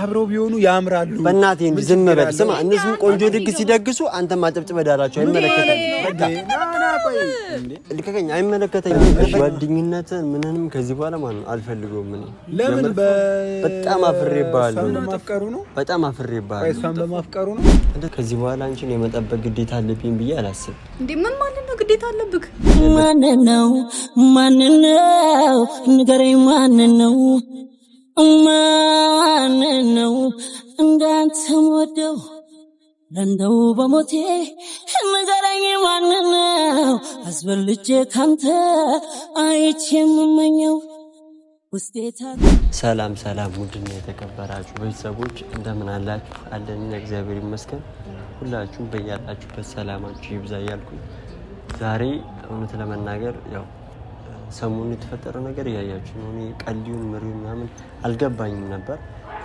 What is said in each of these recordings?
አብረው ቢሆኑ ያምራሉ። በእናቴ ዝም በል ስማ፣ እነሱም ቆንጆ ድግስ ሲደግሱ አንተ ማጨብጭብ ዳራቸው አይመለከተኝ አይመለከተኝ። ጓደኝነትን ምንንም ከዚህ በኋላ ማለት አልፈልገውም። ምን ለምን በጣም አፍሬ ባለሁ ነው በጣም አፍሬ ይባሉ እሷን በማፍቀሩ ነው ከዚህ በኋላ አንቺን የመጠበቅ ግዴታ አለብኝ ብዬ አላስብ። እንዴ ምን ማለት ነው ግዴታ አለብክ? ማን ነው ማን ነው ንገረኝ፣ ማን ነው ማንን ነው እንዳንተም ወደው ለንደው በሞቴ ንገረኝ ማንን ነው አስበልጬ ካንተ አይቼ የምመኘው ውስጤታ። ሰላም ሰላም፣ ውድና የተከበራችሁ ቤተሰቦች እንደምን አላችሁ? አለን እግዚአብሔር ይመስገን። ሁላችሁም በያላችሁበት ሰላማችሁ ይብዛ እያልኩኝ ዛሬ እውነት ለመናገር ያው ሰሞኑ የተፈጠረው ነገር እያያችሁ ነው። እኔ ቀልዩን ምሪው ምናምን አልገባኝም ነበር።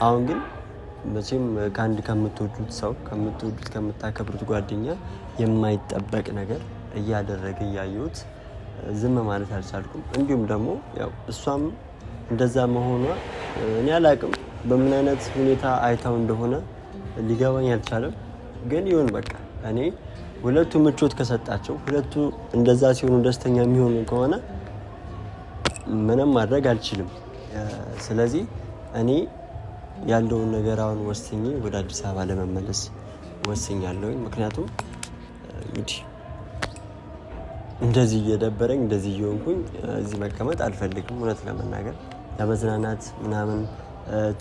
አሁን ግን መቼም ከአንድ ከምትወዱት ሰው ከምትወዱት ከምታከብሩት ጓደኛ የማይጠበቅ ነገር እያደረገ እያየሁት ዝም ማለት አልቻልኩም። እንዲሁም ደግሞ ያው እሷም እንደዛ መሆኗ እኔ አላቅም በምን አይነት ሁኔታ አይታው እንደሆነ ሊገባኝ አልቻለም። ግን ይሁን በቃ እኔ ሁለቱ ምቾት ከሰጣቸው ሁለቱ እንደዛ ሲሆኑ ደስተኛ የሚሆኑ ከሆነ ምንም ማድረግ አልችልም። ስለዚህ እኔ ያለውን ነገር አሁን ወስኜ ወደ አዲስ አበባ ለመመለስ ወስኛለሁኝ። ምክንያቱም እንግዲህ እንደዚህ እየደበረኝ እንደዚህ እየሆንኩኝ እዚህ መቀመጥ አልፈልግም። እውነት ለመናገር ለመዝናናት ምናምን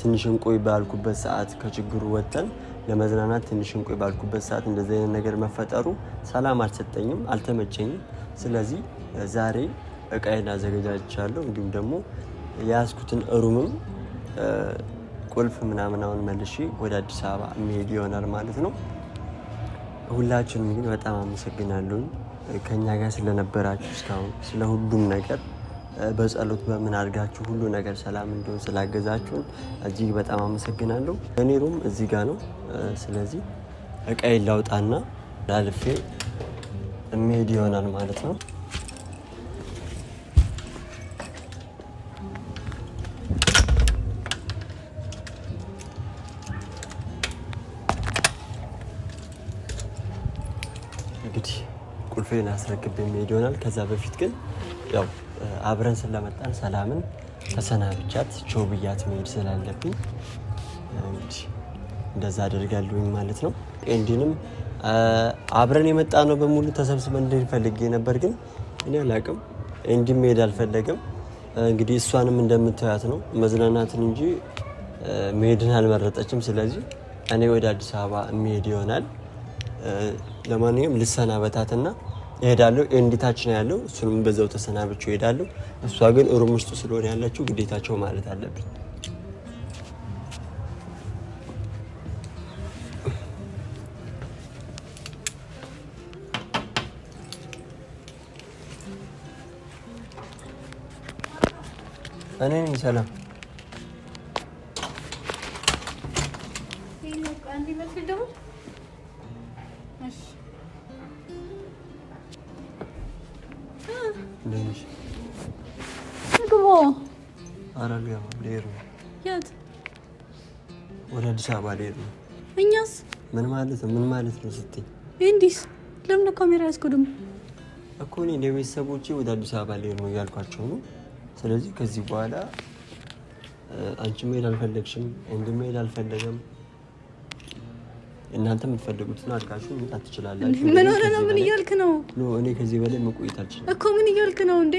ትንሽ እንቆይ ባልኩበት ሰዓት ከችግሩ ወጥተን ለመዝናናት ትንሽ እንቆይ ባልኩበት ሰዓት እንደዚህ አይነት ነገር መፈጠሩ ሰላም አልሰጠኝም፣ አልተመቸኝም። ስለዚህ ዛሬ እቃዬን አዘገጃጅቻለሁ። እንዲሁም ደግሞ የያዝኩትን እሩምም ቁልፍ ምናምናውን መልሼ ወደ አዲስ አበባ የሚሄድ ይሆናል ማለት ነው። ሁላችንም ግን በጣም አመሰግናለሁ ከእኛ ጋር ስለነበራችሁ እስካሁን ስለ ሁሉም ነገር በጸሎት በምን አድርጋችሁ ሁሉ ነገር ሰላም እንዲሆን ስላገዛችሁን እጅግ በጣም አመሰግናለሁ። እኔ ሩም እዚህ ጋር ነው። ስለዚህ እቃዬን ላውጣና ላልፌ የሚሄድ ይሆናል ማለት ነው። እንግዲህ ቁልፌን አስረክብ የሚሄድ ይሆናል። ከዛ በፊት ግን ያው አብረን ስለመጣን ሰላምን ተሰናብቻት ቾው ብያት መሄድ ስላለብኝ እንግዲህ እንደዛ አደርጋለሁኝ ማለት ነው። ኤንዲንም አብረን የመጣ ነው በሙሉ ተሰብስበን እንድንፈልግ ነበር፣ ግን እኔ አላቅም። ኤንዲ መሄድ አልፈለግም። እንግዲህ እሷንም እንደምታያት ነው መዝናናትን እንጂ መሄድን አልመረጠችም። ስለዚህ እኔ ወደ አዲስ አበባ የሚሄድ ይሆናል። ለማንኛውም ልሰናበታትና እሄዳለሁ። እንዲታች ነው ያለው፣ እሱንም በዛው ተሰናብቼው እሄዳለሁ። እሷ ግን ሩም ውስጥ ስለሆነ ያላችሁ ግዴታቸው ማለት አለብኝ። እኔ ሰላም ወደ አዲስ አበባ ልሄድ ነው። እኛስ? ምን ማለት ነው? ምን ማለት ነው ስትይ እንዲስ ለምን ካሜራ ያዝከው ደግሞ? እኮ እኔ ለቤተሰቦቼ ወደ አዲስ አበባ ልሄድ ነው እያልኳቸው ነው። ስለዚህ ከዚህ በኋላ አንቺ መሄድ አልፈለግሽም፣ ወንድም መሄድ አልፈለገም። እናንተ የምትፈልጉትን አድርጋችሁ መምጣት ትችላላችሁ። ምን ሆነ ነው? ምን እያልክ ነው? እኔ ከዚህ በላይ መቆየት አልችልም እኮ። ምን እያልክ ነው እንዴ?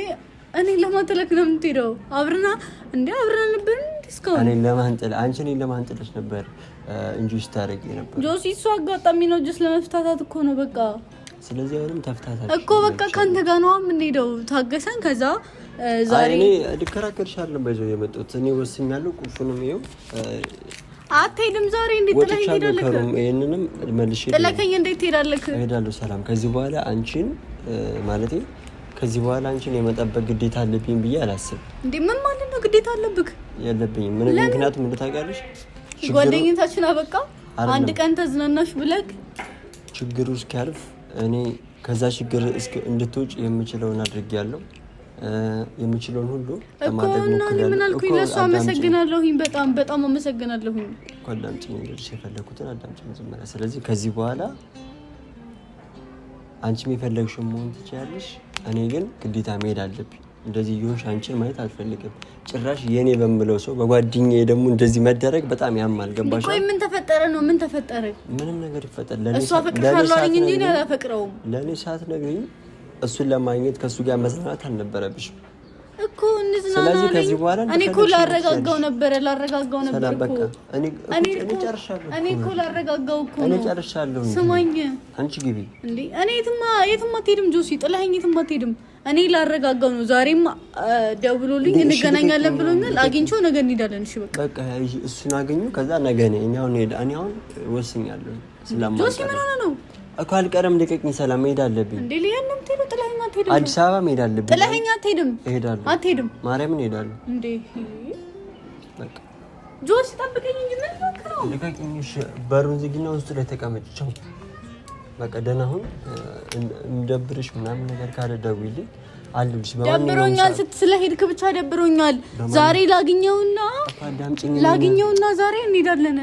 እኔ ለማተለክ ነው የምትሄደው? አብረና እንዴ አብረና ነበር እኔን ለማንጠል አንቺ እኔን ለማንጠልሽ ነበር እንጂ ስታደርጊ ነበር ጆሲ። እሱ አጋጣሚ ነው ጀስ ለመፍታታት እኮ ነው በቃ። ስለዚህ አሁንም ተፍታታሽ እኮ በቃ ከአንተ ጋር ነው የምንሄደው። ታገሰን። ከዛ ዛሬ እኔ ልከራከርሽ የመጡት እኔ ወስኛለሁ። ቁልፉንም ይኸው አትሄድም ዛሬ። እንዴት ጥለኸኝ ትሄዳለህ? ይሄንንም መልሼ ጥለኸኝ እንዴት ትሄዳለህ? እሄዳለሁ። ሰላም ከዚህ በኋላ አንቺን ማለቴ ከዚህ በኋላ አንቺን የመጠበቅ ግዴታ አለብኝ ብዬ አላስብ እንዴ ምን ማለት ነው ግዴታ አለብክ? ያለብኝ ምን ምክንያቱም ምን ጓደኝነታችን አበቃ። አንድ ቀን ተዝናናሽ ብለክ ችግሩ እስኪያልፍ እኔ ከዛ ችግር እንድትውጭ የምችለውን አድርጌያለሁ። የምችለውን ሁሉ ለማድረግ ምን አልኩኝ? ለእሱ አመሰግናለሁኝ። በጣም በጣም አመሰግናለሁኝ። አዳምጪኝ፣ እንግዲህ አዳምጪኝ መጀመሪያ። ስለዚህ ከዚህ በኋላ አንቺም የፈለግሽውን መሆን ትችያለሽ እኔ ግን ግዴታ መሄድ አለብኝ። እንደዚህ እየሆንሽ አንቺን ማየት አልፈልግም። ጭራሽ የኔ በምለው ሰው በጓደኛዬ ደግሞ እንደዚህ መደረግ በጣም ያማል። ገባሽ? ቆይ ምን ተፈጠረ ነው? ምን ተፈጠረ? ምንም ነገር ይፈጠር። እሱ አፈቅርሻለሁ አለኝ እንጂ እኔ አላፈቅረውም። ለእኔ ሰዓት ነግሪኝ። እሱን ለማግኘት ከእሱ ጋር መዝናናት አልነበረብሽም። እኮ እንዝናና። ስለዚህ ከዚህ በኋላ እኔ እኮ ላረጋጋው ነበረ ላረጋጋው ነበር እኮ እኔ ጨርሻለሁ። እኔ እኮ ላረጋጋው እኮ እኔ ጨርሻለሁ። ስማኝ፣ አንቺ ግቢ እንዴ! እኔ የትማ የትማ አትሄድም ጆሲ፣ ጥላኸኝ የትማ አትሄድም። እኔ ላረጋጋው ነው። ዛሬም ደውሎልኝ እንገናኛለን ብሎኛል። አግኝቼው ነገ እንሄዳለን። እሺ በቃ በቃ እሱን አገኙ። ከዛ ነገ እኔ እኔ አሁን ሄዳ እኔ አሁን ወስኛለሁ። ስለማን ጆሲ፣ ምን ሆነ ነው እኮ አልቀረም። ልቀቅኝ ሰላም፣ መሄድ አለብኝ እንዴ ሊሄድ ነው አትሄድም። አዲስ አበባ መሄድ አለብኝ። ጥለኸኝ አትሄድም። እሄዳለሁ። አትሄድም። ማርያምን እሄዳለሁ። እንዴ በቃ ጆሲ ጠብቀኝ እንጂ ምን ነው? ልቀቂኝ። እሺ በሩን ዝጊና ውስጥ ላይ ተቀመጭ። ቻው በቃ ደህና ሁን። እንደብርሽ ምናምን ነገር ካለ ደውይልኝ። አለሁልሽ። ደብሮኛል። ስለሄድክ ብቻ ደብሮኛል። ዛሬ ላግኘውና ላግኘውና ዛሬ እንሄዳለን።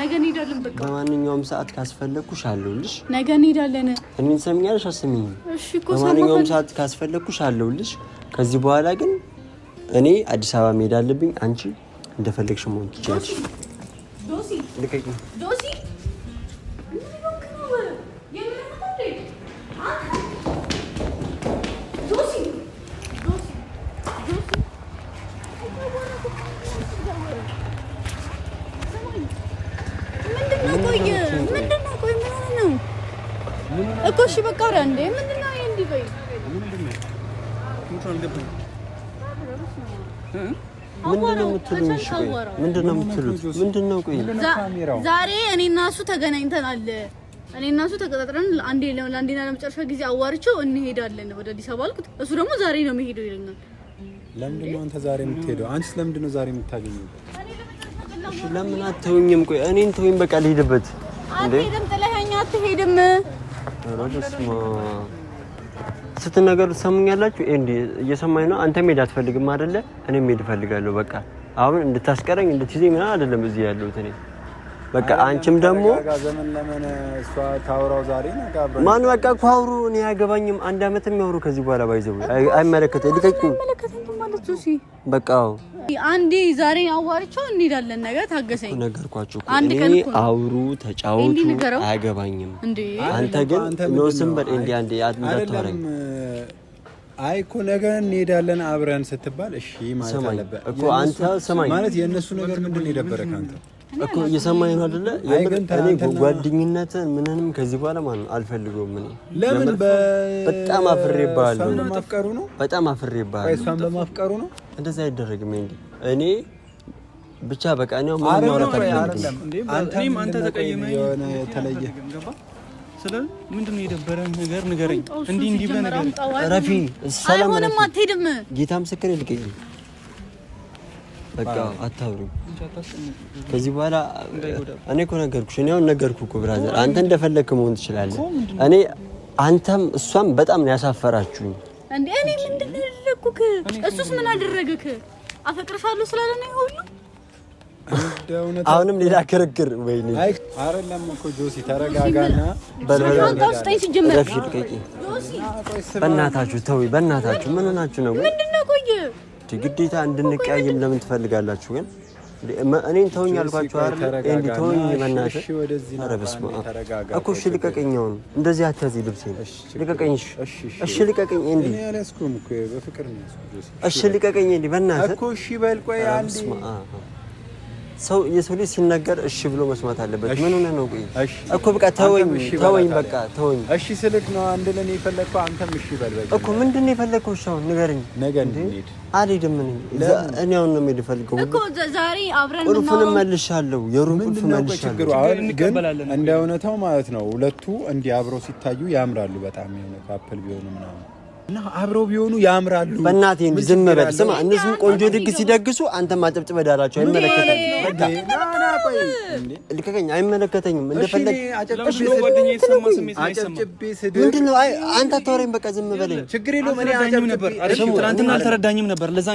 ነገ እንሄዳለን። በቃ በማንኛውም ሰዓት ካስፈለግኩሽ አለሁልሽ። ነገ እንሄዳለን። እኔን ሰምኛለሽ? አሰሚኝ። እሺ እኮ በማንኛውም ሰዓት ካስፈለግኩሽ አለሁልሽ። ከዚህ በኋላ ግን እኔ አዲስ አበባ መሄድ አለብኝ። አንቺ እንደፈለግሽ መሆን ትችላለሽ። እሺ በቃ ኧረ እንዴ ምንድን እንዲህ በይ ዛሬ እኔ እና እሱ ተገናኝተናል። እኔ እና እሱ ተቀጣጥረን ለአንዴና ለመጨረሻ ጊዜ አዋርቼው እንሄዳለን ወደ አዲስ አበባ አልኩት። እሱ ደግሞ ዛሬ ነው የሚሄደው ይለኛል። ለምንድን ነው አንተ ዛሬ የምትሄደው? አንቺስ ለምንድን ነው ዛሬ የምታገኘው? ለምን አትተውኝም? ቆይ እኔን ተውኝ፣ በቃ ልሄድበት። አትሄድም፣ ጥለኸኝ አትሄድም ስትነገሩ ትሰሙኛላችሁ። እንዲ እየሰማኝ ነው። አንተ መሄድ አትፈልግም አይደለ? እኔ መሄድ እፈልጋለሁ። በቃ አሁን እንድታስቀረኝ እንድትይዘኝ ምናምን አይደለም እዚህ ያለሁት እኔ በቃ አንቺም ደግሞ ማን በቃ እኮ አውሩ። እኔ አያገባኝም። አንድ አመት የሚያወሩ ከዚህ በኋላ ባይዘው አይመለከተኝ። ልቀቂኝ። በቃ አንዴ ዛሬ አዋሪቸው እንሄዳለን። ነገ ታገሰኝ። ነገርኳቸው። አውሩ፣ ተጫወቱ። አያገባኝም። አንተ ግን ኖስም ስንበል እንዲ አንዴ እንዳታወራኝ አይ እኮ ነገ እንሄዳለን አብረን ስትባል እሺ ማለት አለበት እኮ አንተ። ስማኝ ማለት የእነሱ ነገር ምንድን ነው የደበረህ አንተ እኮ እየሰማኝ ነው አይደለ? እኔ ጓደኝነትን ምንንም ከዚህ በኋላ ማን አልፈልገውም። ምን ለምን በጣም አፍሬ ባለሁ ማፍቀሩ ነው። በጣም አፍሬ ባለሁ እሷን በማፍቀሩ ነው። እንደዛ አይደረግም እንዴ እኔ ብቻ በቃ ነው ማን ነው አይደለም እንዴ አንተም አንተ ተቀየመ የሆነ የተለየ ስለ ምንድን ነው የደበረን ነገር ንገረኝ። እንዲህ እንዲህ ብለህ ነገር ረፊ ሰላም አይሆንም፣ አትሄድም። ጌታ ምስክር ይልቀኝ በቃ አታብሩ። ከዚህ በኋላ እኔ እኮ ነገርኩሽ። እኔ አሁን ነገርኩ እኮ ብራዘር፣ አንተ እንደፈለግክ መሆን ትችላለህ። እኔ አንተም እሷም በጣም ነው ያሳፈራችሁኝ። እንዴ እኔ ምንድን ነው ያደረግኩህ? እሱስ ምን አደረግክ? አፈቅርሻለሁ ስላለ ነው ሁሉ አሁንም ሌላ ክርክር ወይ አይደለም እኮ ጆሲ ተረጋጋና፣ በእናታችሁ ተው፣ በእናታችሁ ምን ሆናችሁ ነው? ምንድን ነው ቆይ ግዴታ እንድንቀያየም ለምን ትፈልጋላችሁ? ግን እኔን ተውኝ አልኳችሁ አይደል? እንዲ ተወኝ መናገር ኧረ በስመ አብ እኮ እሺ፣ ልቀቀኝ። እንደዚህ አታዚህ ልብሴ ልቀቀኝ። እሺ፣ ልቀቀኝ። እንዲ እሺ፣ ልቀቀኝ። እንዲ በእናትህ እኮ እሺ በል ቆይ አንዴ ሰው የሰው ልጅ ሲነገር እሺ ብሎ መስማት አለበት። ምን ሆነ ነው? ቆይ እኮ በቃ ተወኝ ተወኝ፣ በቃ ተወኝ። እሺ ስልክ ነው አንድ ለኔ የፈለግከው አንተም እሺ በል በቃ እኮ ምንድን ነው የፈለግከው? እሺ አሁን ንገረኝ። ነገ እንሂድ። አልሄድም። ምን እኔ አሁን ነው የምሄድ እፈልገው እኮ ዛሬ አብረን ነው ሩፉን መልሻለሁ። የሩን የሩፉን መልሻለሁ። አሁን ግን እንደ እውነታው ማለት ነው ሁለቱ እንዲህ አብረው ሲታዩ ያምራሉ። በጣም የሆነ ካፕል ቢሆኑ ምናምን እና አብረው ቢሆኑ ያምራሉ። በእናቴ ዝም በል ስማ፣ እነሱም ቆንጆ ድግስ ሲደግሱ አንተም አጨብጭበህ ዳራቸው። አይመለከተኝም፣ ልቀቀኝ፣ አይመለከተኝም። እንደፈለግ ምንድን ነው አንተ አታወራኝ፣ በቃ ዝም በለኝ። ትናንትና አልተረዳኝም ነበር፣ ለዛ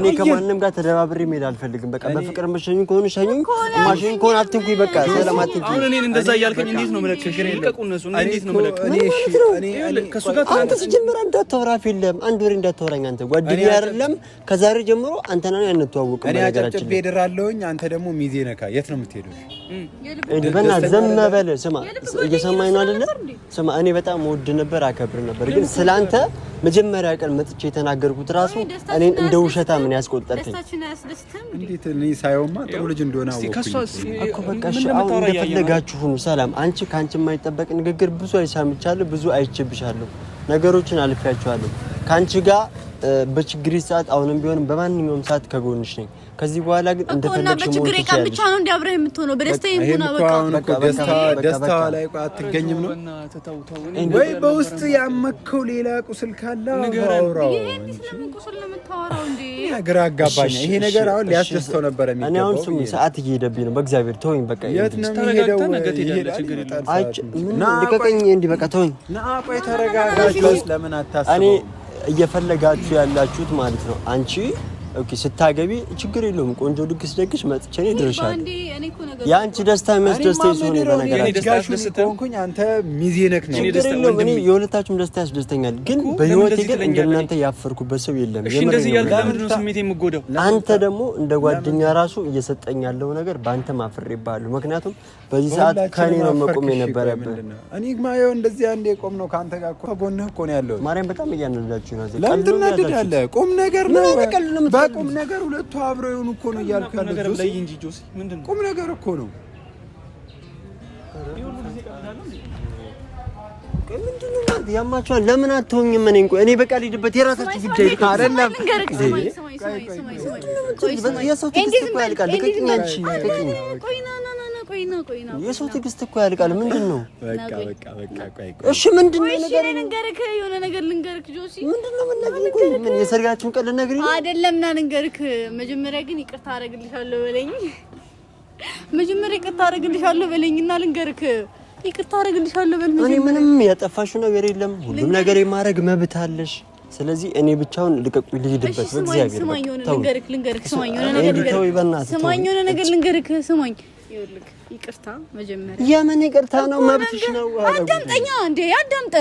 እኔ ከማንም ጋር ተደባብሬ መሄድ አልፈልግም። በቃ በፍቅር መሸኙኝ ከሆኑ ሸኙኝ፣ ማሸኝ ከሆነ አትንኩኝ። በቃ ሰላም አትንኩኝ። አሁን እኔን እንደዛ እያልከኝ እንዴት ነው የምለቅሽ? ልቀቁ እነሱ። እንዴት ነው የምለቅሽ? መጀመሪያ እንዳታወራ ፊልም አንድ ወሬ እንዳታወራኝ። አንተ ጓደኛ አይደለም። ከዛሬ ጀምሮ አንተ ነህ ያንተዋወቀው። እኔ አጨብጭቤ እድራለሁኝ፣ አንተ ደግሞ ሚዜ ነካ። የት ነው የምትሄደው? በእናትህ ዝም በል። ስማ፣ እየሰማኝ ነው አይደለ? ስማ፣ እኔ በጣም ወድ ነበር፣ አከብር ነበር፣ ግን ስለአንተ መጀመሪያ ቀን መጥቼ የተናገርኩት ራሱ እኔን እንደ ውሸታ ምን ያስቆጠርኝ። እንዴት እኔ ሳይሆንማ ጥሩ ልጅ እንደሆነ እኮ በቃ እሺ፣ አሁን እንደፈለጋችሁ ሁኑ፣ ሰላም። አንቺ ከአንቺ የማይጠበቅ ንግግር ብዙ አይሳምቻለሁ፣ ብዙ አይቼብሻለሁ ነገሮችን አልፌያቸዋለሁ። ከአንቺ ጋር በችግር ሰዓት አሁንም ቢሆን በማንኛውም ሰዓት ከጎንሽ ነኝ። ከዚህ በኋላ ግን እንደፈለግሽ በችግሬ ቀን ብቻ ነው እንደ አብረህ የምትሆነው። በደስታ ይሁን በቃ ደስታ ላይ አትገኝም ነው ወይ? በውስጥ ያመከው ሌላ ቁስል ካለ አውራው። ግራ አጋባኝ ይሄ ነገር። አሁን ሊያስደስተው ነበረ የሚገባው። እኔ አሁን ስሙ፣ ሰዓት እየሄደብኝ ነው። በእግዚአብሔር ተወኝ፣ በቃ የት ነው የሚሄደው? ልቀቀኝ፣ እንዲህ በቃ ተወኝ። ና ቆይ ተረጋጋ። ለምን አታስበው? እኔ እየፈለጋችሁ ያላችሁት ማለት ነው አንቺ ኦኬ ስታገቢ ችግር የለውም። ቆንጆ ድግስ ደግሽ መጥቼ እኔ የአንቺ ደስታ የሚያስደስተኝ ሲሆን በነገራችን አንተ ሚዜ ነክ ነው። እኔ የሁለታችሁም ደስታ ያስደስተኛል፣ ግን በህይወቴ ግን እንደናንተ ያፈርኩበት ሰው የለም። አንተ ደግሞ እንደ ጓደኛ ራሱ እየሰጠኝ ያለው ነገር በአንተ ይባሉ። ምክንያቱም በዚህ ሰዓት ከኔ ነው መቆም የነበረብህ። እኔ እንደዚህ ነው ከአንተ ጋር እኮ ነው ማርያም በጣም እያነዳችሁ ነው። ቁም ነገር ነው በቁም ነገር ሁለቱ አብረው የሆኑ እኮ ነው እያልኩ ያለው ቁም ነገር እኮ ነው። ያማቸዋል ለምን አትሆኝም? እኔ ቆይ እኔ በቃ ልሂድበት፣ የራሳችሁ ጉዳይ አይደለም። የሰው ትዕግስት እኮ ያልቃል። ምንድን ነው? እሺ ምንድን ነው ነገር ልንገርህ፣ የሆነ ነገር ልንገርህ ጆሲ። ምንድን ነው የምንነግርህ? ምን የሰርጋችሁን ቀን ልነግርህ አይደለም ና ልንገርህ። መጀመሪያ ግን ይቅርታ አደርግልሻለሁ በለኝ። መጀመሪያ ይቅርታ አደርግልሻለሁ በለኝና ልንገርህ ይቅርታ አደርግልሻለሁ በል። እኔ ምንም ያጠፋሽው ነገር የለም። ሁሉም ነገር የማድረግ መብት አለሽ። ስለዚህ እኔ ብቻውን ልቀቁ ልሂድበት። በእግዚአብሔር ስማኝ፣ የሆነ ልንገርህ። ስማኝ፣ የሆነ ነገር ልንገርህ። ስማኝ፣ የሆነ ነገር ልንገርህ። ስማኝ ይኸውልህ ይቅርታ መጀመሪያ የምን ይቅርታ ነው? መብትሽ ነው። አዳምጠኛ እንዴ አዳምጠ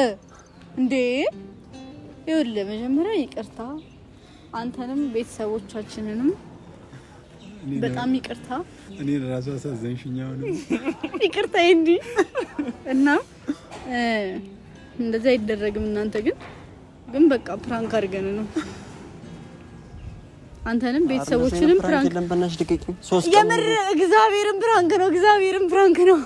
እንዴ ይኸውልህ መጀመሪያ ይቅርታ አንተንም ቤተሰቦቻችንንም በጣም ይቅርታ። እኔ ራሱ አሳዘንሽኛ ነው። ይቅርታ እንዲ እና እንደዛ አይደረግም። እናንተ ግን ግን በቃ ፕራንክ አድርገን ነው አንተንም ቤተሰቦችንም ፕራንክ የምር እግዚአብሔርን ፕራንክ ነው። እግዚአብሔርን ፕራንክ ነው።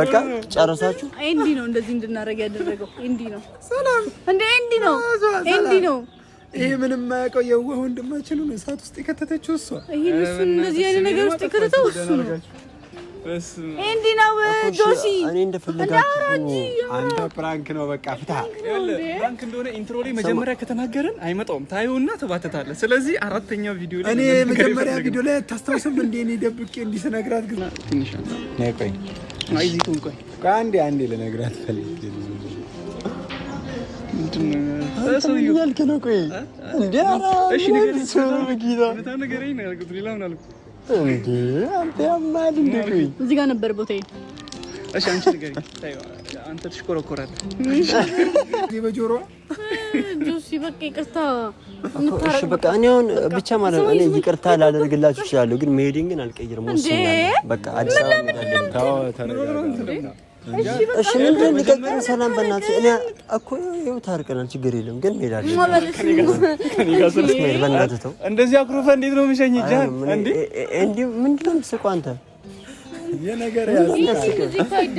በቃ ጨረሳችሁ። ኤንዲ ነው እንደዚህ እንድናደርግ ያደረገው። ኤንዲ ነው። ሰላም እንደ ኤንዲ ነው። ኤንዲ ነው ይሄ ምንም የማያውቀው የዋህ ወንድማችን ነው እሳት ውስጥ የከተተችው እሷ። ይሄን እሱ እንደዚህ አይነት ነገር ውስጥ የከተተው እሱ ነው። እንዲህ ነው ጆሲ፣ እኔ እንደፈለጋችሁ አንተ ፕራንክ ነው በቃ ፍታ። ፕራንክ እንደሆነ ኢንትሮ ላይ መጀመሪያ ከተናገርን አይመጣውም። ታዩና ተባተታለ። ስለዚህ አራተኛው ቪዲዮ ላይ እኔ መጀመሪያ ቪዲዮ ላይ ታስታውስም እንዴ? እኔ ደብቄ እንዲህ ስነግራት ግን ትንሽ ነው ቆይ አይዚቱን ቆይ አንዴ አንዴ ልነግራት ፈልጌ ምንድን ነው እያልክ ነው? ቆይ እንዴ! አንተ ያማል እንዴ! ቆይ እዚህ ጋር ነበር ቦታዬ። እሺ አንቺ ንገሪኝ። አንተ ትሽኮረኮራለህ በጆሮ ጆሲ በቃ ይቅርታ። እሺ በቃ እኔ አሁን ብቻ ማለት ነው እኔ ይቅርታ ላደርግላችሁ እችላለሁ፣ ግን መሄዴን ግን አልቀይርም። በቃ አዲስ አበባ እሺ ምንድን ልቀቅን። ሰላም በእናትሽ እኔ እኮ ይኸው ታርቀናል፣ ችግር የለም ግን እንሄዳለን። በእናትህ ተው እንደዚህ አኩርፈ እንዴት ነው የምሸኝ? እንዲህ ምንድን ነው የምትስቀው አንተ? የነገር አራት ነው ምን ችግር አለው? ፕራንክ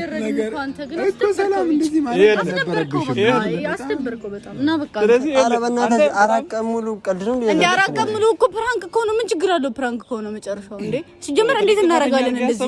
ከሆነ መጨረሻው እንዴ ሲጀመር እንዴት እናደርጋለን እንደዚህ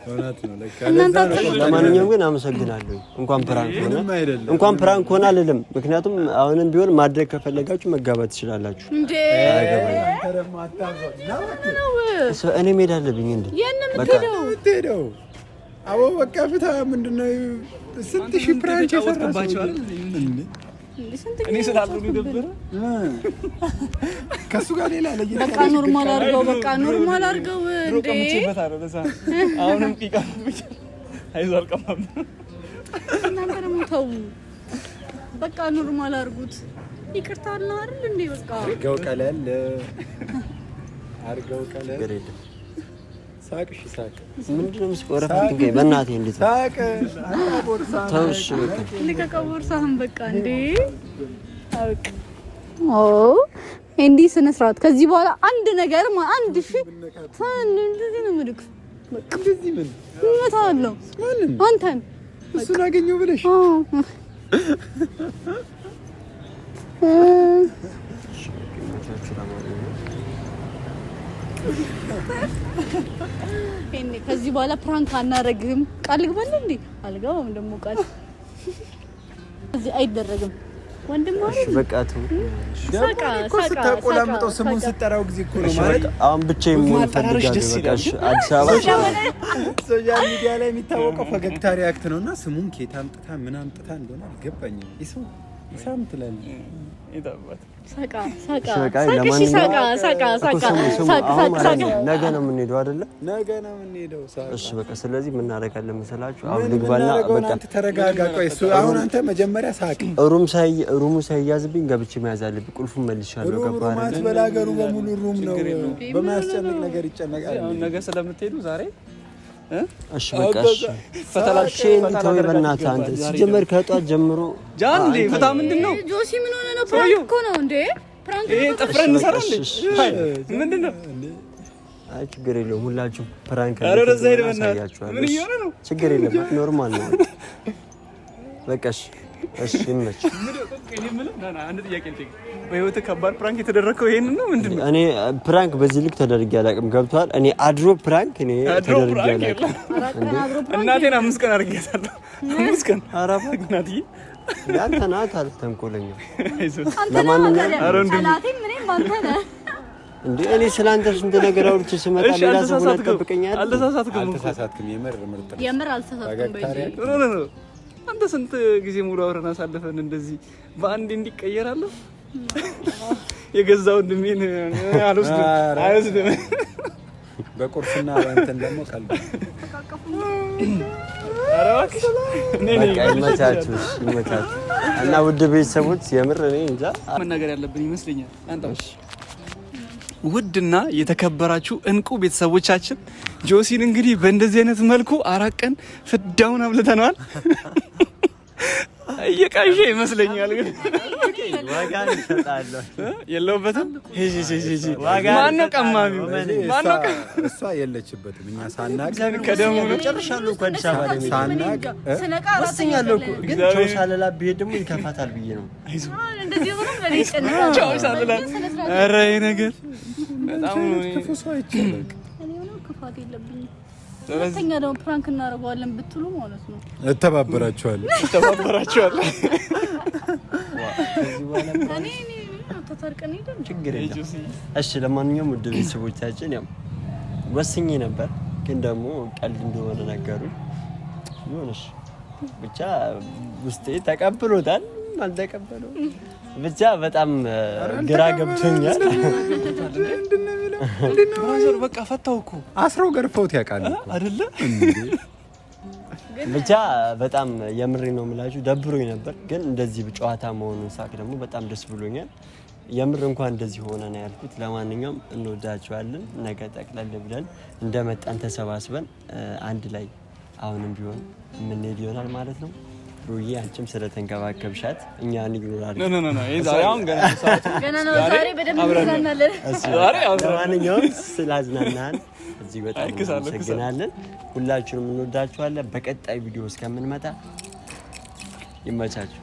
ለማንኛውም ግን አመሰግናለሁ። እንኳን ፕራንክ ሆነ እንኳን ፕራንክ ሆነ አልልም፣ ምክንያቱም አሁንም ቢሆን ማድረግ ከፈለጋችሁ መጋባት ትችላላችሁ። እኔ መሄድ አለብኝ። እንደ የምትሄደው አቦ በቃ ፍታ። ምንድን ነው ስንት ሺህ ፕራንች የሰራባቸዋል እኔ ስላሉ ነበረ ከእሱ ጋር ሌላ ለየት በቃ ኖርማል አድርገው በቃ ኖርማል አድርገው ድሮ ቀምቼበት አለ በዛ አሁንም ቂቃ አይዞህ አልቀማም። እናንተ ደግሞ ተው በቃ ኖርማል አድርጉት። ይቅርታ አለ አይደል እንዴ? በቃ አርገው ቀለል አርገው ቀለል ሳቅ እንዲህ ስነ ስርዓት ከዚህ በኋላ አንድ ነገር አንድ ሺ አንተን እሱን አገኘው ብለሽ ከዚህ በኋላ ፕራንክ አናረግም። ቃል ግባል እንዴ? አልገባም ደግሞ ቃል እዚህ አይደረግም። ስታቆላምጠው ስሙን ነው ማለት አሁን አዲስ አበባ ሶሻል ሚዲያ ላይ የሚታወቀው ፈገግታ ሪያክት ነው እና ስሙን ኬታ አምጥታ ምን አምጥታ እንደሆነ አልገባኝም። ኢሳም ነገ ነው የምንሄደው አይደለ? እሺ በቃ ስለዚህ የምናደርጋለን መሰላችሁ? አሁን ልግባና በቃ ተረጋጋ። ቆይ እሱ አሁን አንተ መጀመሪያ ሳቅ። ሩም ሳይ ሩሙ ሳይያዝብኝ ገብቼ መያዝ አለብኝ። ቁልፉን መልሻለሁ። ገባ አይደል? ማትበላ በሙሉ ሩም ነው። በማያስጨንቅ ነገር ይጨነቃል። ነገ ስለምትሄዱ ዛሬ እሺ በቃ እሺ፣ ፈተላሽ ተወው። በእናትህ አንተ ሲጀመር ከጧት ጀምሮ ጃን ላይ ፈታ ምንድን ነው ጆሲ? ምን ሆነ ነው? ፕራንክ እኮ ነው እንዴ? ፕራንክ ነው። አይ ችግር የለውም ሁላችሁ ፕራንክ ነው። ኧረ ወደዛ ሄደህ በእናትህ ምን እየሆነ ነው? ችግር የለም ኖርማል ነው። በቃ እሺ እሺ እንመች በህይወት ከባድ ፕራንክ የተደረገው ይሄን ነው ምንድን ነው? እኔ ፕራንክ በዚህ ልክ ተደርጌ አላውቅም። ገብቷል። እኔ አድሮ ፕራንክ እኔ ተደርጌ አላውቅም። እናቴን አምስት ቀን አድርጌያታለሁ። አምስት ቀን አራፋ ግናት ያንተ ናት አለ ተንኮለኛ። ለማንኛውም እንዴ እኔ ስለ አንተ ስንት ነገር አውርቼ ስመጣ ሌላ ሰው ሆነ ጠብቀኛል። አልተሳሳትክም። የምር ምርጥ የምር አልተሳሳትክም። አንተ ስንት ጊዜ ሙሉ አብረን አሳልፈን እንደዚህ በአንድ እንዲቀየራለሁ የገዛ ወንድሜን አልወስድም አልወስድም። በቁርስና በእንትን ደግሞ ቀልድ እና ውድ ቤተሰቦች የምር እኔ እንጃ መናገር ያለብን ይመስለኛል። ውድና የተከበራችሁ እንቁ ቤተሰቦቻችን ጆሲን እንግዲህ በእንደዚህ አይነት መልኩ አራት ቀን ፍዳውን አብልተነዋል። እየቃዠ ይመስለኛል፣ ግን የለውበትም። ማነው ቀማሚው? እሷ የለችበትም። እኛ ሳናቅ ጨርሻለሁ። አዲስ አበባ ላይ ሳናቅ ወስኛለሁ። ግን ሳልላ ብሄድ ደግሞ ይከፋታል ብዬ ነው። ሳልላ ኧረ ይሄ ነገር በጣም ክፉ ሰው ሁለተኛ ደግሞ ፕራንክ እናደርገዋለን ብትሉ ማለት ነው እተባበራችኋለሁ እተባበራችኋለሁ። ችግር እሺ ለማንኛውም ውድ ቤተሰቦቻችን ያው ወስኜ ነበር፣ ግን ደግሞ ቀልድ እንደሆነ ነገሩ ይሆንሽ ብቻ ውስጤ ተቀብሎታል አልተቀበለውም ብቻ በጣም ግራ ገብቶኛል። ብራዘር በቃ ፈታው እኮ አስረው ገርፈውት ያውቃሉ አይደለ? ብቻ በጣም የምሬ ነው የምላችሁ ደብሮኝ ነበር፣ ግን እንደዚህ ጨዋታ መሆኑን ሳቅ ደግሞ በጣም ደስ ብሎኛል። የምር እንኳን እንደዚህ ሆነ ነው ያልኩት። ለማንኛውም እንወዳችኋለን። ነገ ጠቅለል ብለን እንደመጣን ተሰባስበን አንድ ላይ አሁንም ቢሆን የምንሄድ ይሆናል ማለት ነው። ውዬ አንቺም ስለተንከባከብሻት እኛ ለማንኛውም ስላዝናናን እዚህ በጣም እናመሰግናለን። ሁላችሁንም እንወዳችኋለን። በቀጣይ ቪዲዮ እስከምንመጣ ይመቻችሁ።